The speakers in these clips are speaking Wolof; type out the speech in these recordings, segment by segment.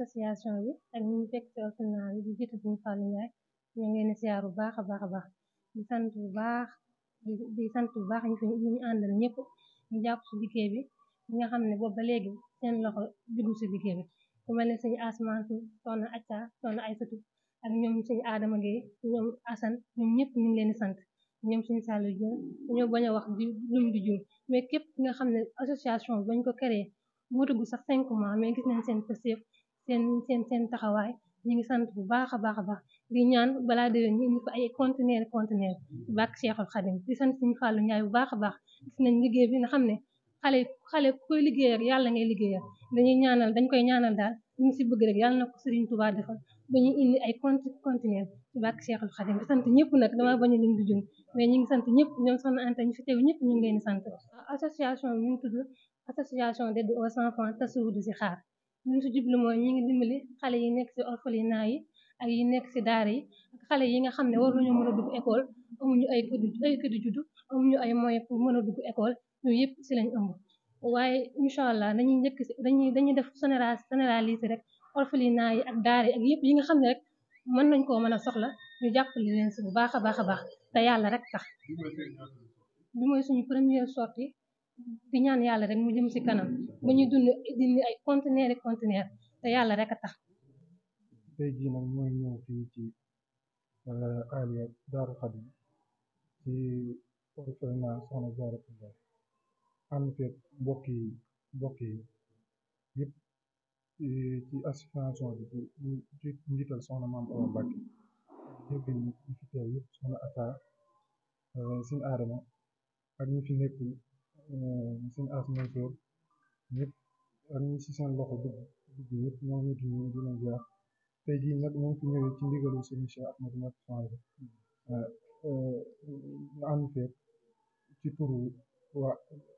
association bi ak ñu fekk ci orphelinat bi di jiitu suñu Fallou Ndiaye ñoo ngi leen di siyaar bu baax a baax a baax di sant bu baax di sant bu baax ñu fi ñu àndal ñëpp ñu jàpp si liggéey bi ñi nga xam ne boobu ba léegi seen loxo jugul si liggéey bi ku mel ne suñu Asmaan soxna Acca soxna Aysatu ak ñoom suñu Adama Gueye ñoom Assane ñoom ñëpp ñu ngi leen di sant ñoom suñu Saliou Dieng ñoo bañ a wax di lum di jur mais képp ki nga xam ne association bi bañ ko créé wuutagu sax cinq mois mais gis nañ seen pëseef seen seen seen taxawaay ñu ngi sant bu baax a baax a baax di ñaan balaa ñu indi fa ay conteneur conteneur bàkk Cheikhul Khadim di sant suñu Fallou Ndiaye bu baax a baax gis nañ liggéey bi nga xam ne xale xale koy liggéey ak yàlla ngay liggéeyal dañuy ñaanal dañ koy ñaanal daal li si bëgg rek yala na ko Serigne Touba defal ba ñu indi ay cont conteneur bàkk Cheikhul Khadim di sant ñëpp nag damaa bañ a ba di jun mais ñu ngi sant ñëpp ñoom soxna Anta ñu fi teew ñëpp ñu ngi leen di sant association bi ñu tudd association d'aide aux enfants Tassourou du Sikhar ñu ngi si jublu mooy ñu ngi dimbali xale yi nekk si orphelinat yi ak yi nekk si daara yi ak xale yi nga xam ne waruñu mën a dugg école amuñu ay këddu ay këddu juddu amuñu ay moyens pour mën a dugg école yooyu yëpp si lañ ëmb waaye incha allah dañuy njëkk si dañuy dañuy def général généraliser rek orphelinat yi ak daara yi ak yëpp yi nga xam ne rek mën nañ koo mën a soxla ñu jàppale leen si bu baax a baax a baax te yàlla rek tax bi mooy suñu première sortie di ñaan yàlla rek mu jëm si kanam ba ñu dund dindi ay conteneur et conteneur te yàlla rek a tax. tey jii nag mooy ñëw fii ci euh, Aliya Daaru Xadim ci orphelinat Soxna Jaara Buso am fekk mbokk yi mbokk yi yëpp euh, ci association bi ci njiital soxna maam Awa Mbàkke yëpp ñu fi teew yëpp soxna Atta euh, suñu ak ñi fi nekkul seen as monteur ñëpp ak ñi si seen loxo dugg dugg ñëpp ñoo ngi jaar tey jii nag mu ngi fi ci ndigalu seen monsieur Ahmadou Mbacké Souhaïbou ñu ànd feeg ci turu waa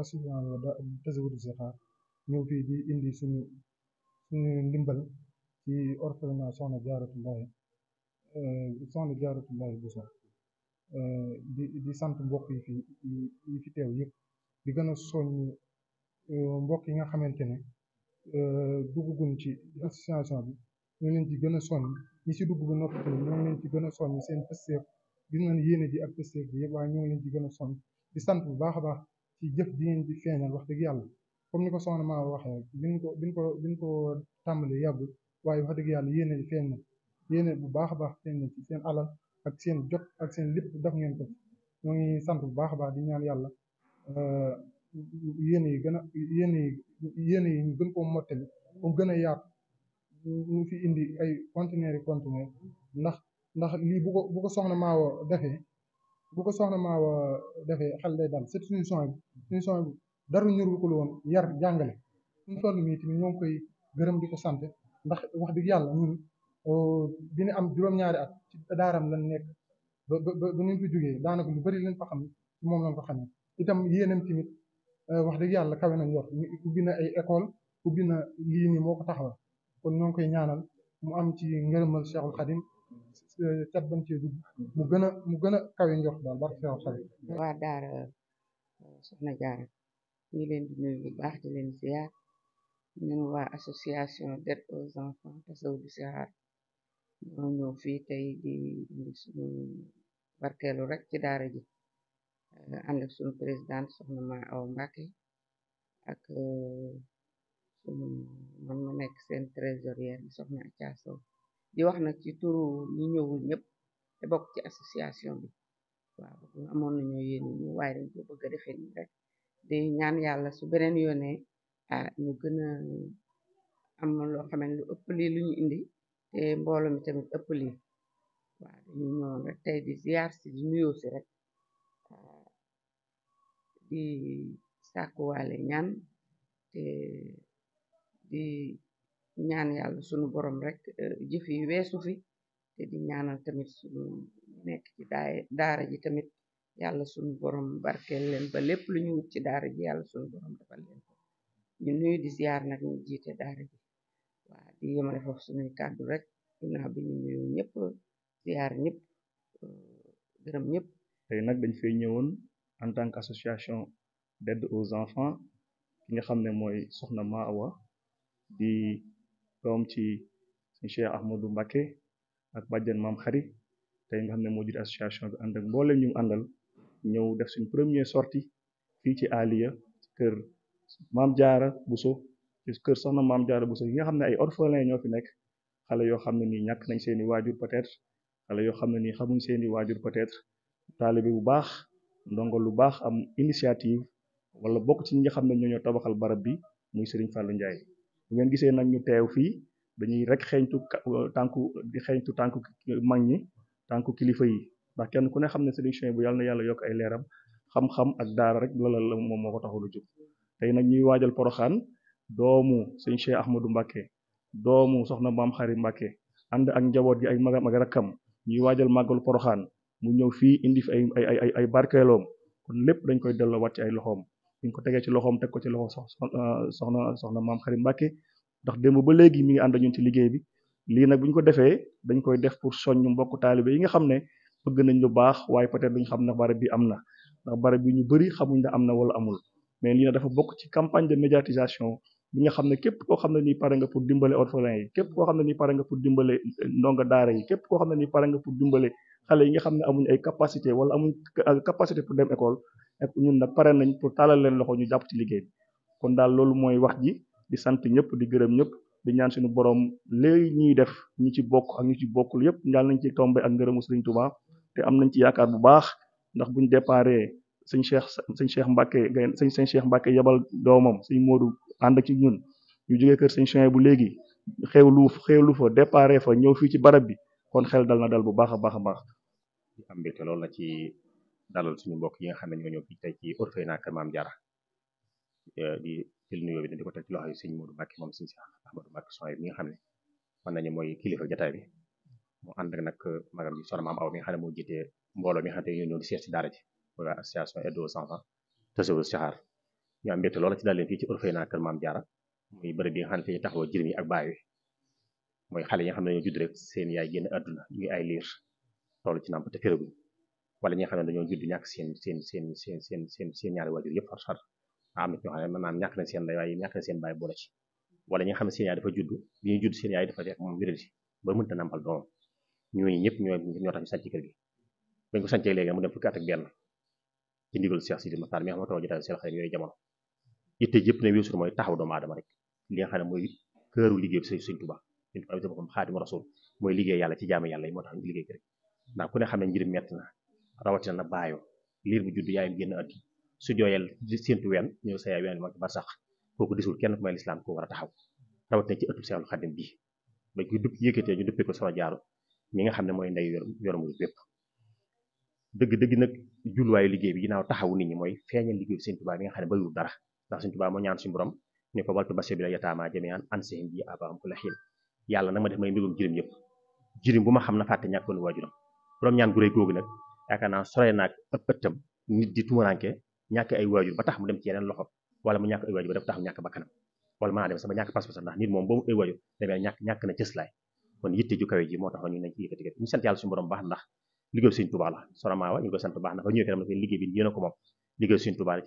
association wa Tazawudu Sixaar ñëw fii indi suñu ndimbal ci orphelinat Soxna Jaaratullaahi eh, Soxna Jaaratullaahi Bousso eh, di di sant yi fi teew yëpp di gëna a soññ euh, mbokk yi nga xamante ne euh, duggugun ci association bi ñu leen ci gën a soññ ñi si dugg ba noppi ñoo leen ci gën a soññ seen pësteef gis nañ yéene ji ak pësteef bi yëpp waaye ñoo leen ci gën a soññ di sant bu baax a baax ci jëf ji ngeen di feeñal wax dëgg yàlla comme ni ko soxna maa waxee biñ ko biñ ko biñ ko tàmbalee yàggul waaye wax dëgg yàlla yéene ji feeñ na bu baax a baax feeñ ci seen alal ak seen jot ak seen lépp def ngeen ko ñoo ngi sant bu baax a baax di ñaan yàlla Euh, yéen yi gën a yéen yi yéen yi ñu gën koo mottali mu gën a yaatu ñu fi indi ay conteneurs yi conteneurs ndax ndax lii bu ko bu ko soxna Maawa defee bu ko soxna Maawa defee xel day dal c'est suñu son bi suñu son bi daru ñurul ko woon yar jàngale suñu toll nii tamit ñoo koy gërëm di ko sant ndax wax dëgg yàlla ñun bi euh, ñu am juróom-ñaari at ci daaram lan nekk ba ba ba ñu fi jógee daanaka lu bari leen fa xam moom lañ fa xamee itam yéenam tamit euh, wax dëgg yàlla kawe nañ yor ubbi na ay école ubbi na lii nii moo ko taxawal kon ñoo koy ñaanal mu am ci ngërëmal Cheikhul Khadim euh, cat ban mu gën a mu gën a kawe njort daal barke Cheikhul Khadim waa daara euh, soxna jaara ñu leen di nuyu bu baax di leen ziar ñun waa association d'aide aux enfants Tassawu du Sahar ñoo ñëw fii tey di suñu barkeelu rek ci daara ji ànd ak suñu présidente soxna ma aw Mbàkke ak euh, suñu man ma nekk seen trésorière bi soxna Acaasow di wax na ci turu ñi ñëwul ñëpp te bokk ci association bi waaw amoon nañu yéene ñu waaye bëgg a defee rek di ñaan yàlla su beneen yoone ah ñu gën a am loo xaman lu ëpp lii lu ñu indi te mboolo tamit ëpp lii waaw dañu ñëwoon rek tey di ziar di nuyoo si rek di sàkkuwaale ñaan te di ñaan yàlla sunu borom rek eh, jëf yi weesu fi te di ñaanal tamit sunu nekk ci daara ji tamit yàlla sunu borom barkeel leen ba lépp lu ñu wut ci daara ji yàlla sunu borom defal leen ko ñu nuyu di ziar nag ñu jiite daara ji waa di yemale foofu sunuy kàddu rek ginnaaw bi ñu nuyu ñëpp ziar ñëpp eh, gërëm ñëpp tey nag dañ fay ñëwoon en tant que association d'aide aux enfants ki nga xam ne mooy soxna Maawa di doom ci suñ Cheikh Ahmadou Mbacké ak bàjjen maam xari tey nga xam ne moo jiite association bi ànd ak mboolem ñu àndal ñëw def suñ premier sorti fii ci Aliya kër maam jaara Bousso ci kër soxna maam jaara Bousso yi nga xam ne ay orphelin ñoo fi nekk xale yoo xam ne ni ñàkk nañ seeni waajur peut-être xale yoo xam ne nii xamuñ seeni waajur peut-être taalibe bu baax ndongo lu baax am initiative wala bokk ci ñi nga xam ne ñoo ñoo tabaxal barab bi muy Serigne Fallou Ndiaye bu ngeen gisee nag ñu teew fii dañuy rek xeeñtu euh, tànku di xeeñtu tànku mag ñi tànku kilifa yi ndax kenn ku ne xam ne Serigne Cheikh bu yàlla na yàlla yokk ay leeram xam-xam ak daara rek lala moom moo ko taxoon a tey nag ñuy waajal poroxaan doomu Serigne Cheikh Ahmadou Mbacké doomu soxna maam Xari Mbacké ànd ak njaboot yi ay magam ak rakkam ñuy waajal màggalu poroxaan mu ñëw fii indi fi ay ay ay ay barkeeloom kon lépp dañ koy delloowaat ci ay loxoom ñu ko tegee ci loxoom teg ko ci loxo euh, soxna soxna maam Xarim Mbàkke ndax démb ba léegi mi ngi ànd ñun ci liggéey bi lii nag bu ñu ko defee dañ koy def pour soññ mbokk taalibe yi nga xam ne bëgg nañ lu baax waaye peut-être xam ne barab bi am na ndax barab bi ñu bëri xamuñ ne am na wala amul mais lii nag dafa bokk ci campagne de médiatisation bi nga xam ne képp koo xam ne nii pare nga pour dimbale orphelin yi képp koo xam ne nii pare nga pour dimbale euh, ndonga daara yi képp koo xam ne nii pare nga pour dimbale xale yi nga xam ne amuñ ay capacité wala amuñ euh, capacité pour dem école ak ñun nag pare nañ pour taalal leen loxo ñu jàpp ci liggéey bi kon daal loolu mooy wax ji di sant ñëpp di gërëm ñëpp di ñaan suñu borom léegi ñuy def ñi ci bokk ak ñu ci bokkul yëpp ñaan nañ ci tombe ak ngërëmu Sëriñ Tuubaa te am nañ ci yaakaar bu baax ndax buñ déparé sëñ Cheikh sëñ Cheikh Mbacke sëñ sëñ Cheikh Mbacke yebal doomam sëñ Modou ànd ci ñun ñu jógee kër sëñ Chouaïbou bu léegi xewlu xewlu fa déparé fa ñëw fii ci barab bi kon xel dal na dal bu baax a baax a baax. am mbégte loolu la ci dalal suñu mbokk yi nga xam ne tey ci orphelinat Kër Maam Diarra di jël nuyoo ko teg ci loxo yi sëñ moom sëñ Cheikh Ahmadou mi xam ne mën nañu mooy kilifa jotaay bi mu ànd ak nag euh, magam ji soxna maam aw mi nga xam ne moo jiite mbooloo mi xam ne ñoo di seet si daara ji wala association aide aux ñu am mbégte loola ci daal leen fii ci orphelinat Kër Maam Jaara muy bërëb bi nga xam ne fi ñu taxawoo jirim mooy xale yi xam ne dañoo judd rek seen yaay génn ay liir toll ci nàmp te féréguñ wala xam ne dañoo judd ñàkk seen seen seen seen seen seen seen ñaari yëpp far far ñoo xam ne maanaam ñàkk na seen waaye ñàkk na seen baay boole ci wala ñi xam ne seen yaay dafa judd bi ñuy judd seen yaay dafa fekk moom wéral si ba mënta nàmpal doomam ñooñu ñëpp ñoo ñoo tax ñu sànc kër gi bañ ko sàncee léegi mu dem fukki at ak benn ci ndigal Cheikh Sidi Makhtar mi nga xam ne taw jotaay seen xarit yooyu jamono itte yëpp ne weesu mooy taxaw doomu aadama rek li nga xam ne mooy këru liggéey bi sëñ Tuubaa sëñ bi xam mooy liggéey yàlla ci jaamu yàlla yi moo tax ñu liggéey rek ndax ku ne xam ne na rawatina na baayoo liir bu judd yaayam génn addi su jooyal séntu ween sa yaay ween mag ba sax kooku disul kenn ku may lislaam ko war a taxaw rawatina ci ëttub Seexul Xaadim ñu dupp yëkkatee ñu duppee ko Soxna Jaara mi nga xam ne mooy ndey yor yor mu dëgg-dëgg nag julluwaayu liggéey bi ginnaaw taxawu nit ñi mooy feeñal liggéey bi sëñ Tuubaa bi nga xam dara ndax suñ tubaa moo ñaan suñu borom ne ko waltu basir bi la yataamaa jami'an ansihim bi abaahum ku la xiin yàlla nag ma def may mbigum jirim yëpp jirim bu ma xam na fàtte ñàkkoon ñàkk waajur ba tax mu dem ci yeneen loxo wala mu ñàkk ay waajur ba def tax mu ñàkk bakkanam wala mën naa dem sama ñàkk pas-pas ndax nit moom boomu ay waajur ñàkk ñàkk na cëslaay kon yitte ju kawe ji moo taxoon ñu nañ ci yëkkati ñu liggéey Sëriñ ñëwee kanam a ko moom liggéey Sëriñ Tuubaa a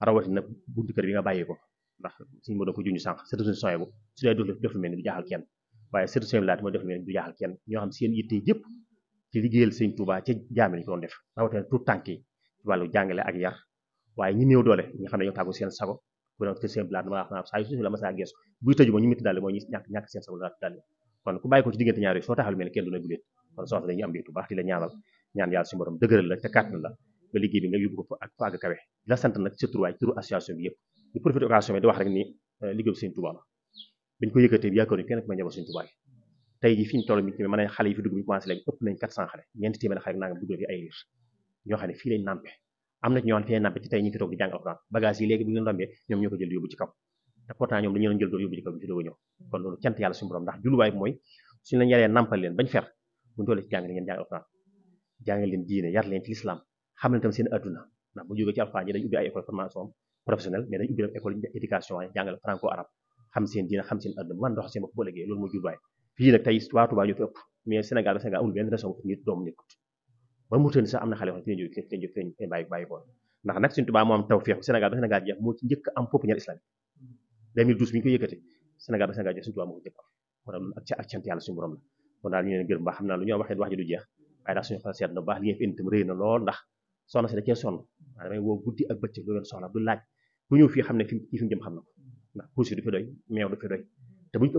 rawatina buntu kër bi nga bàyyi ko ndax suñu mënoo ko junj sànq surtout suñu sooy bu su dee def def lu mel ni du jaaxal kenn waaye surtout suñu laaj doon def rawatina tout tànk yi ci wàllu ak yar waaye ñi néew doole ñi xam ne ñoo tàggu seen sago bu doon kër seen blaat dama wax saa yu suñu la masa gees buy tëju ma ñu métti daal mooy ñu ñàkk ñàkk seen sago daal kon ku bàyyi ko ci diggante ñaari soo taxal mel kenn du na guléet kon soxna dañuy am biitu baax di la ñaanal ñaan yàlla suñu borom dëgëral la te kàttan la ba liggéey bi nga yóbbu ko fa ak faaga kawe la sant nag sa tur association bi yëpp ñu profité occasion bi di wax rek ni euh, liggéey bi Sëñ Tuubaa la biñ ko yëkkatee bi yaakaar ni kenn a ko jël yóbbu ci kaw te pourtant ñoom dañu leen jël doon yóbbu ci kaw bi fi doog a ñëw kon loolu cant yàlla suñu borom ndax juluwaay bi mooy suñu lañ yaree nàmpal leen bañ fer buñu tollee ci jàng leen jàng alxuraan jàng leen diine yar leen ci lislaam xam nañ tam seen adduna ndax bu jógee ci alxuraan yi dañu ubbi ay école formation professionnelle mais dañu ubbi école éducation ay jàngale franco arabe xam seen diina xam seen adduna man dox seen bopp bu ëllëgee loolu moo jubbaay fii nag tey waa Touba ñoo fi ëpp mais Sénégal ba Sénégal amul benn raison bu nit doom nekkut ba mu tënk sax am na xale yoo xam ne fi ñu fi ñu bàyyi bàyyi ko ndax nag suñu Touba moo am tawfeex Sénégal ba Sénégal jeex moo ci njëkk am pépinière islamique 2012 bi ñu ko yëkkati Sénégal ba Sénégal jeex suñu Touba moo ko njëkk am moo tax ak cant yàlla suñu borom la kon daal ñu leen gërëm baax xam naa lu ñoo waxee wax ji du jeex waaye daal suñu xel seet na baax li ngeen fi indi tam réy na lool ndax soxna si da cee sonn waaw damay woo guddi ak bëccëg lu leen soxla du laaj bu ñëw fii xam ne fi fi mu jëm xam na ko ndax puus du fi meew du fi te buñ ko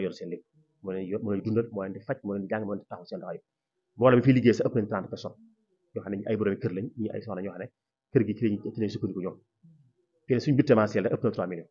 a yor seen ëpp nañ 30 personnes yoo xam ne kër gi ci lañ sukkandiku ñoom fii suñu biir tamit ëpp na millions